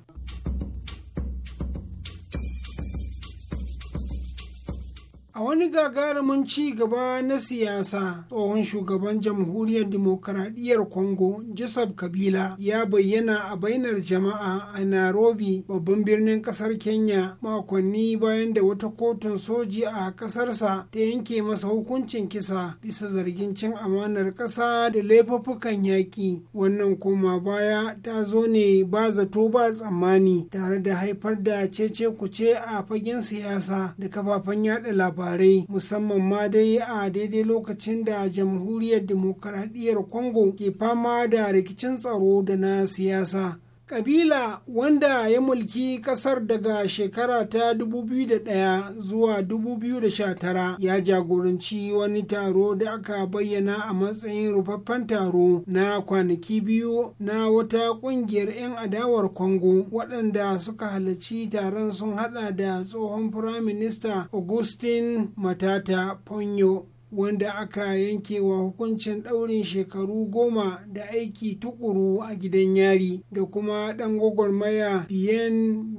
a wani gagarumin ci gaba na siyasa tsohon shugaban jamhuriyar demokaradiyyar congo joseph kabila ya bayyana a bainar jama'a a nairobi babban birnin kasar kenya makonni bayan da wata kotun soji a kasarsa ta yanke masa hukuncin kisa bisa zargin cin amanar kasa da laifuffukan yaƙi wannan koma baya ta zo ne ba zato ba tsammani tare da haifar da cece kuce a fagen siyasa da kafafen yada labarai labarai musamman ma dai a daidai lokacin da jamhuriyar demokaradiyyar Kongo ke fama da rikicin tsaro da na siyasa kabila wanda ya mulki kasar daga shekara ta 2001 zuwa 2019 ya jagoranci wani taro da aka bayyana a matsayin rufaffen taro na kwanaki biyu na wata kungiyar 'yan adawar congo waɗanda suka halarci taron sun hada da tsohon firaminista augustin matata ponyo wanda aka yanke wa hukuncin ɗaurin shekaru goma da aiki tukuru a gidan yari da kuma ɗan gwagwarmaya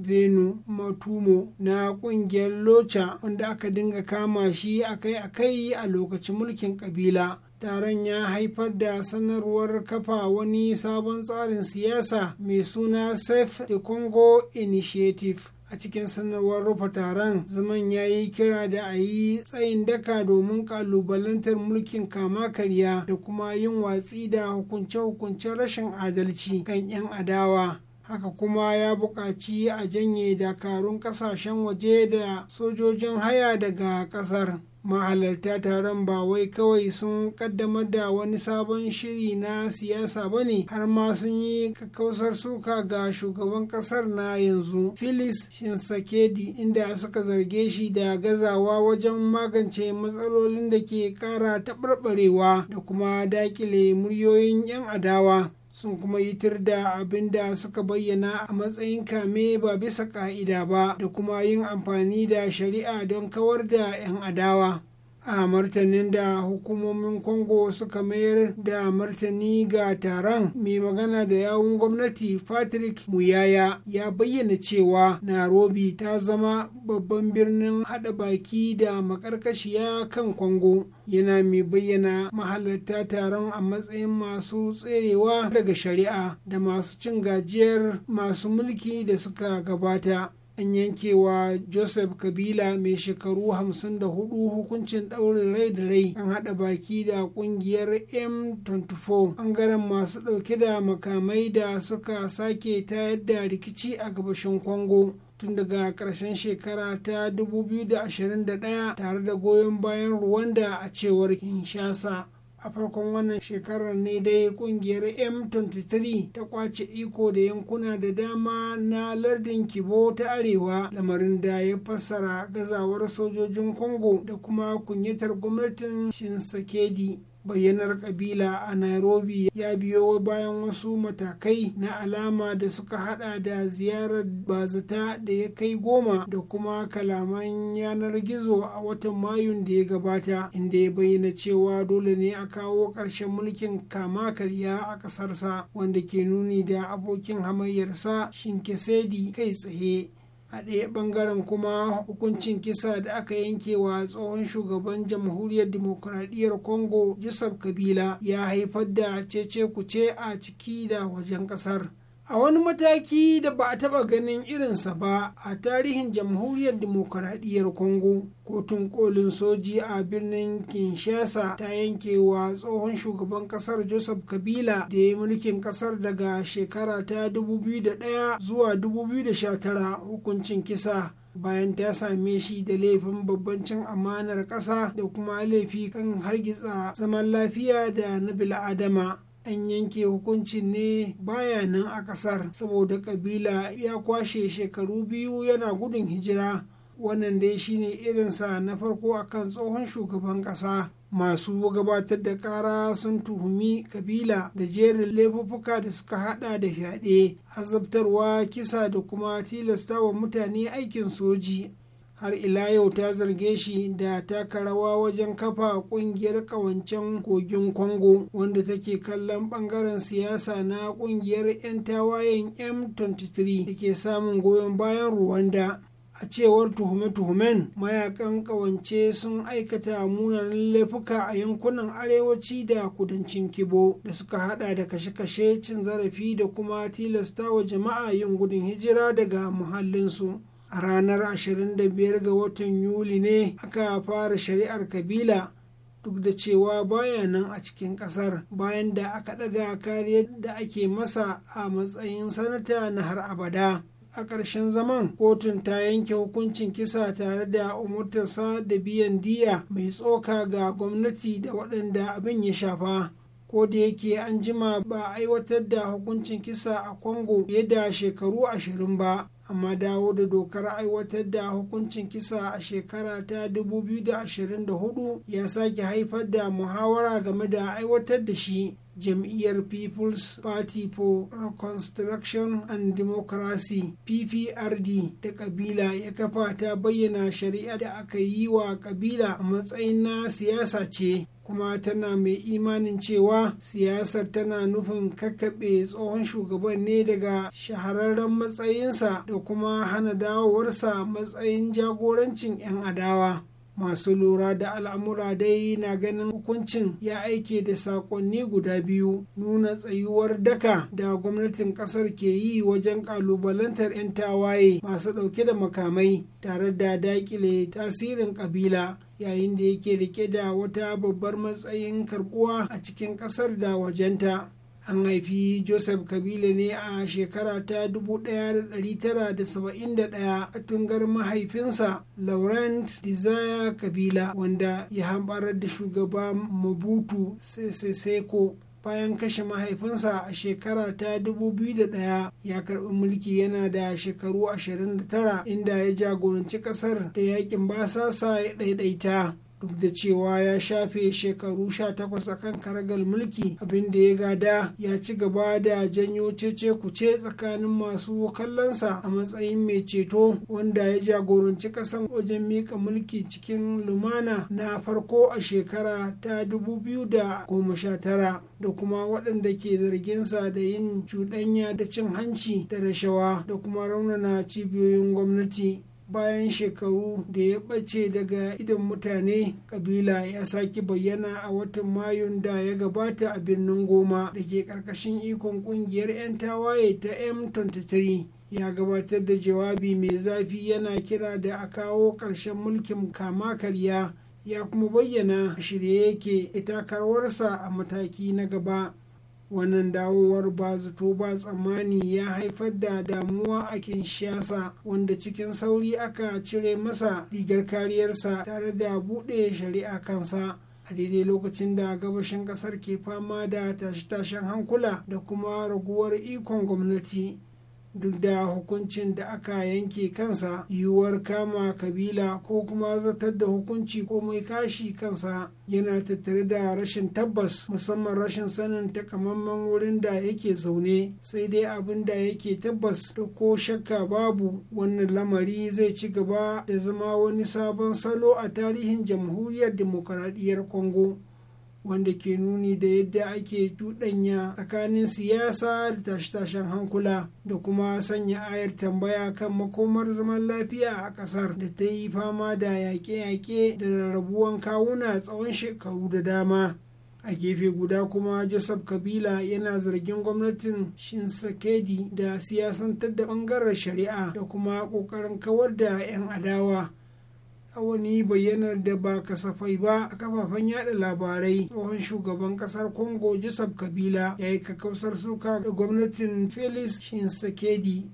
venu matumo na ƙungiyar locha wanda aka dinga kama shi akai-akai a lokacin mulkin ƙabila taron ya haifar da sanarwar kafa wani sabon tsarin siyasa mai suna safe the congo initiative a cikin sanarwar rufe taron zaman ya yi kira da a yi tsayin daka domin kalubalantar mulkin kama karya da kuma yin watsi da hukunce-hukuncen rashin adalci kan 'yan adawa haka kuma ya buƙaci a janye dakarun ƙasashen waje da sojojin haya daga ƙasar mahalarta taron ba wai kawai sun kaddamar da wani sabon shiri na siyasa ba ne har ma sun yi kakausar suka ga shugaban kasar na yanzu phyllis shinsakedi inda suka zarge shi da gazawa wajen magance matsalolin da ke kara taɓarɓarewa da kuma daƙile muryoyin 'yan adawa sun kuma yi yitar da abin da suka bayyana a matsayin kame ba bisa ka'ida ba da kuma yin amfani da shari'a don kawar da 'yan adawa a martanin da hukumomin congo suka mayar da martani ga taron mai magana da yawun gwamnati patrick muyaya ya bayyana cewa nairobi ta zama babban birnin hada baki da makarkashiya kan congo yana mai bayyana mahalarta taron a matsayin masu tserewa daga shari'a da masu cin gajiyar masu mulki da suka gabata an yankewa joseph kabila mai shekaru hudu, hukuncin ɗaurin rai da rai an haɗa baki da ƙungiyar m24 bangaren masu ɗauke da makamai da suka sake tayar da rikici a gabashin kwango tun daga ƙarshen shekara ta 2021 tare da goyon bayan ruwanda a cewar kinshasa a farkon wannan shekarar ne dai kungiyar m23 ta kwace iko da yankuna da dama na lardin kibo ta arewa lamarin da ya fassara gazawar sojojin congo da kuma kunyatar gwamnatin shinsakedi bayyanar kabila a nairobi ya biyo bayan wasu matakai na alama da suka hada da ziyarar bazata da ya kai goma da kuma kalaman yanar gizo a watan mayun da ya gabata inda ya bayyana cewa dole ne a kawo ƙarshen mulkin kama karya a ƙasarsa wanda ke nuni da abokin hamayyarsa shinkesedi kai tsaye a ɗaya ɓangaren kuma hukuncin kisa da aka yanke wa tsohon shugaban jamhuriyar demokuraɗiyyar congo joseph kabila ya haifar da cece kuce a ciki da wajen ƙasar a wani mataki da ba a taɓa ganin irinsa ba a tarihin jamhuriyar demokaradiyyar congo kotun kolin soji a birnin kinshasa ta yankewa tsohon shugaban kasar joseph kabila da ya yi mulkin kasar daga shekara ta 2001 zuwa 2019 hukuncin kisa bayan ta same shi da laifin babban amanar ƙasa da kuma laifi kan hargitsa zaman lafiya da na bil'adama an yanke hukuncin ne baya a kasar saboda kabila ya kwashe shekaru biyu yana gudun hijira wannan dai shine irinsa na farko akan tsohon shugaban kasa masu gabatar da kara sun tuhumi kabila da jerin laifuffuka da suka hada da fyaɗe azabtarwa kisa da kuma tilasta wa mutane aikin soji har ila yau ta zarge shi da taka rawa wajen kafa kungiyar kawancen kogin kwango wanda take kallon bangaren siyasa na kungiyar 'yan tawayen m23 da ke samun goyon bayan rwanda a cewar tuhume-tuhumen mayakan kawance sun aikata munanan laifuka a yankunan arewaci da kudancin kibo da suka hada da kashe-kashe cin zarafi da kuma tilasta wa jama'a yin gudun hijira daga muhallinsu a ranar 25 ga watan yuli ne aka fara shari'ar kabila duk da cewa baya nan a cikin kasar bayan da aka daga kariyar da ake masa a matsayin sanata na har abada a ƙarshen zaman kotun ta yanke hukuncin kisa tare da umurtarsa da biyan diya mai tsoka ga gwamnati da waɗanda abin ya shafa ko da yake an jima ba aiwatar da hukuncin kisa a congo fiye da shekaru ashirin ba amma dawo da dokar aiwatar da hukuncin kisa a shekara ta 2024 ya sake haifar da muhawara game da aiwatar da shi jam'iyyar people's party for reconstruction and democracy pprd da kabila ya kafa ta bayyana shari'a da aka yi wa kabila a matsayin na siyasa ce kuma tana mai imanin cewa siyasar tana nufin kakkaɓe tsohon shugaban ne daga shahararren matsayinsa da kuma hana dawowarsa matsayin jagorancin 'yan adawa masu lura da al'amura dai na ganin hukuncin ya aike da sakonni guda biyu nuna tsayuwar daka da gwamnatin kasar ke yi wajen kalubalantar 'yan tawaye masu ɗauke da makamai tare da dakile tasirin kabila yayin da yake rike da wata babbar matsayin karbuwa a cikin kasar da wajenta an haifi joseph kabila ne a shekara ta 1971 a tungar mahaifinsa laurent desire kabila wanda ya hambarar da shugaba mabutu seko bayan kashe mahaifinsa a shekara ta 2001 ya karbi mulki yana da shekaru 29 inda ya jagoranci ƙasar da yakin basasa ya ɗaiɗaita duk da cewa ya shafe shekaru sha takwas a kan karagar mulki abin da ya gada ya ci gaba da janyo cece kuce tsakanin masu kallonsa a matsayin mai ceto wanda ya jagoranci kasan wajen mika mulki cikin lumana na farko a shekara ta 2019 da kuma waɗanda ke zarginsa da yin cuɗanya da cin hanci da rashawa da kuma raunana cibiyoyin gwamnati bayan shekaru da ya ɓace daga idan mutane kabila ya sake bayyana a watan mayun da ya gabata a birnin goma da ke ƙarƙashin ikon ƙungiyar 'yan tawaye ta m23 ya gabatar da jawabi mai zafi yana kira da a kawo ƙarshen mulkin kama karya ya kuma bayyana shirye yake ita karwarsa a mataki na gaba wannan dawowar ba zato ba tsammani ya haifar da damuwa a kinshasa wanda cikin sauri aka cire masa rigar kariyarsa tare da buɗe shari'a kansa a daidai lokacin da gabashin ƙasar ke fama da tashe-tashen hankula da kuma raguwar ikon gwamnati duk da hukuncin da aka yanke kansa yiwuwar kama kabila ko kuma zartar da hukunci ko mai kashi kansa yana tattare da rashin tabbas musamman rashin sanin takamaiman wurin da yake zaune sai dai abin da yake tabbas da ko shakka babu wannan lamari zai ci gaba da zama wani sabon salo a tarihin jamhuriyar dimokuraɗiyyar Kongo. wanda ke nuni da yadda ake cuɗanya tsakanin siyasa da tashe-tashen hankula da kuma sanya ayar tambaya kan makomar zaman lafiya a ƙasar da ta yi fama da yaƙe-yaƙe da rarrabuwan kawuna tsawon shekaru da dama a gefe guda kuma joseph kabila yana zargin gwamnatin shinsakedi da siyasantar da ɓangaren shari'a da kuma ƙoƙarin kawar da 'yan adawa a wani bayyanar da ba kasafai ba a kafafen yada labarai tsohon shugaban kasar congo joseph kabila ya yi kakausar suka da gwamnatin felix shinsakedi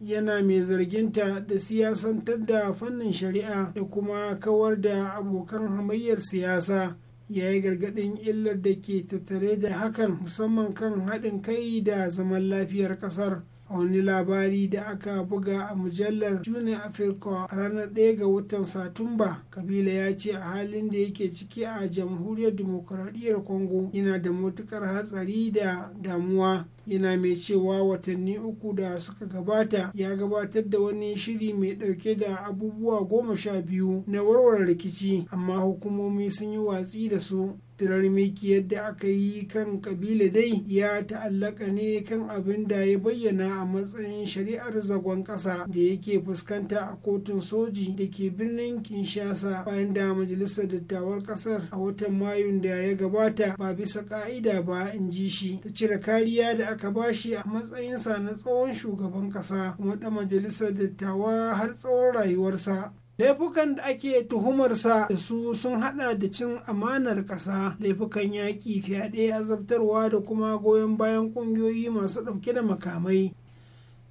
yana mai zarginta da siyasantar da fannin shari'a da kuma kawar da abokan hamayyar siyasa ya yi gargaɗin illar da ke tattare da hakan musamman kan haɗin kai da zaman lafiyar ƙasar a wani labari da aka buga a mujallar june afirka a ranar 1 ga watan satumba kabila ya ce a halin da yake ciki a jamhuriyar demokuraɗiyyar congo yana da matukar hatsari da damuwa yana mai cewa watanni uku da suka gabata ya gabatar da wani shiri mai ɗauke da abubuwa goma sha biyu na warware rikici amma hukumomi sun yi watsi da su miki da aka yi kan kabila dai ya ta'allaka ne kan abin da ya bayyana a matsayin shari'ar zagon ƙasa da yake fuskanta a kotun soji da ke birnin kinshasa bayan da majalisar dattawar ƙasar a watan mayun da ya gabata ba bisa ka'ida ba in ji shi ta cire kariya da aka bashi a matsayinsa na tsohon shugaban ƙasa kuma da majalisar dattawa har tsawon rayuwarsa laifukan da ake tuhumarsa da su sun hada da cin amanar kasa laifukan yaƙi fyaɗe azabtarwa da kuma goyon bayan ƙungiyoyi masu ɗauke da makamai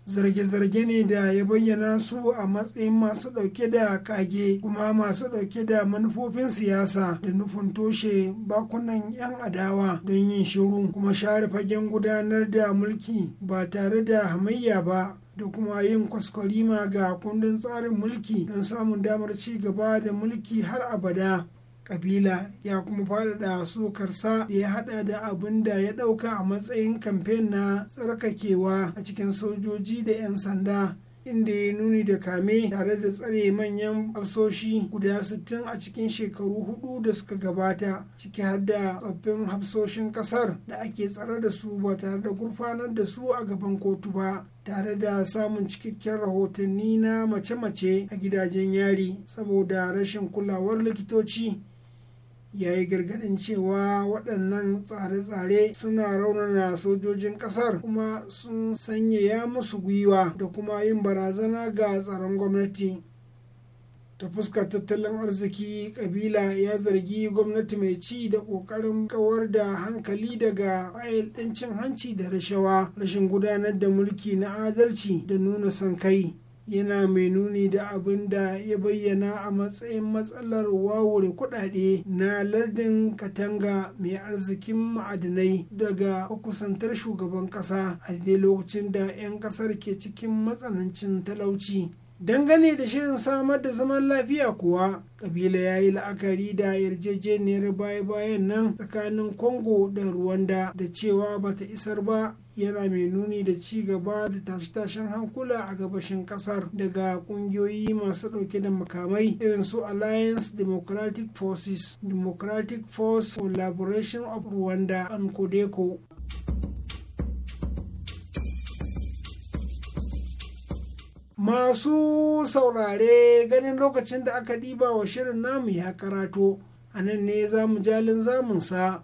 zarge-zarge ne da ya bayyana su a matsayin masu ɗauke da kage kuma masu ɗauke da manufofin siyasa da nufin toshe bakunan 'yan adawa don yin shiru kuma share fagen gudanar da mulki ba tare da hamayya ba da kuma yin kwaskwalima ga kundin tsarin mulki don samun damar ci gaba da mulki har abada kabila ya kuma faɗaɗa sokarsa da ya haɗa da abin da ya ɗauka a matsayin kamfen na tsarkakewa a cikin sojoji da 'yan sanda inda ya nuni da kame tare da tsare manyan hafsoshi guda 60 a cikin shekaru hudu da suka gabata ciki har da tsoffin hafsoshin kasar da ake tsare da su ba tare da gurfanar da su a gaban kotu ba tare da samun cikakken rahotanni na mace-mace a gidajen yari saboda rashin kulawar likitoci ya yi gargaɗin cewa waɗannan tsare-tsare suna raunana sojojin ƙasar kuma sun sanyaya musu gwiwa da kuma yin barazana ga tsaron gwamnati ta fuskar tattalin arziki kabila ya zargi gwamnati mai ci da ƙoƙarin kawar da hankali daga fayil ɗin cin hanci da rashawa rashin gudanar da mulki na adalci da nuna son kai yana mai nuni da abin da ya bayyana a matsayin matsalar wawure kudade na lardin katanga mai arzikin ma'adinai daga kusantar shugaban kasa a daidai lokacin da 'yan kasar ke cikin matsanancin talauci dangane da shirin samar da zaman lafiya kuwa kabila ya yi la'akari da yarjejeniyar baya-bayan nan tsakanin congo da rwanda da cewa bata isar ba yana mai nuni da ci gaba da tashe-tashen hankula a gabashin kasar daga kungiyoyi masu dauke da makamai irin su alliance democratic forces democratic force collaboration of rwanda and codeco masu saurare ganin lokacin da aka ɗiba wa shirin namu ya karato a nan ne zamu jalin zamunsa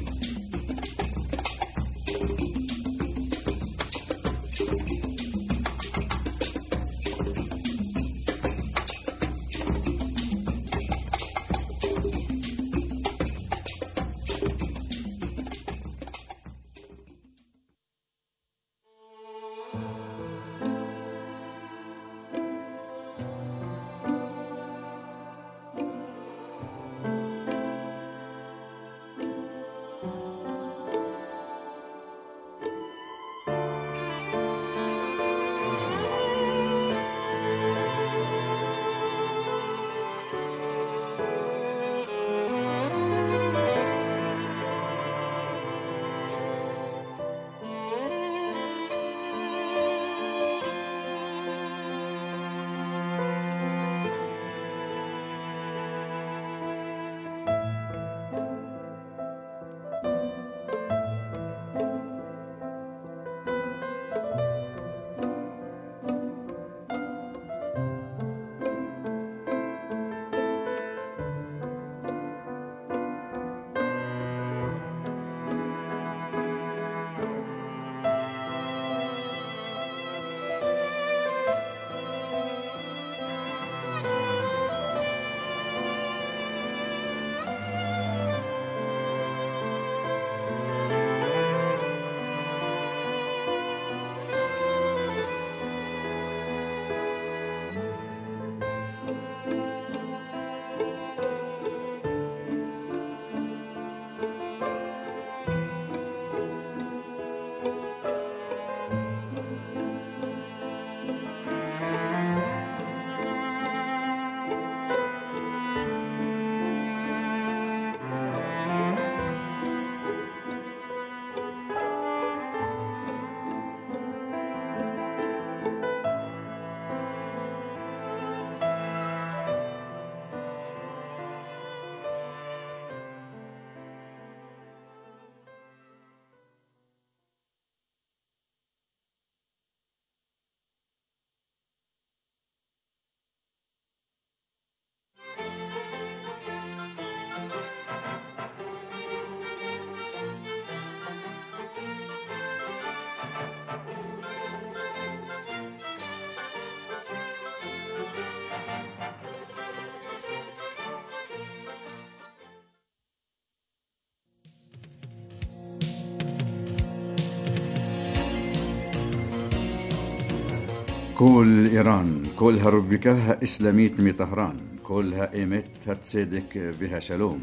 كل إيران كلها ربكها إسلاميت مي طهران كلها إيمت هتصدق بها شلوم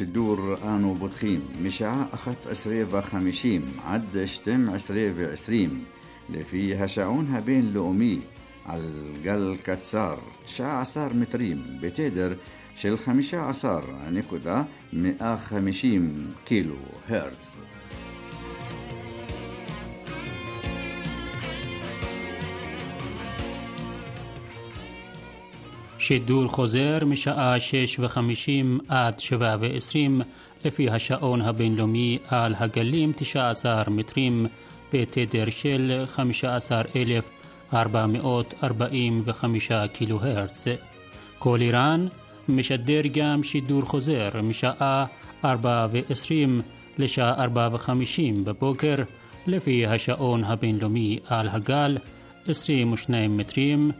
الدور آنو بدخيم مشاع أخت عسرية وخمشيم عد شتم عسرية وعسريم لفي هشعونها بين لؤمي على الجل كتسار تشاع عصار متريم بتدر عصار 15 مئة خمشيم كيلو هرتز שידור חוזר משעה וחמישים עד ועשרים לפי השעון הבינלאומי על הגלים 19 מטרים בתדר של 15,445 קילו הרץ. כל איראן משדר גם שידור חוזר משעה 4:20 לשעה 4:50 בבוקר לפי השעון הבינלאומי על הגל 22 מטרים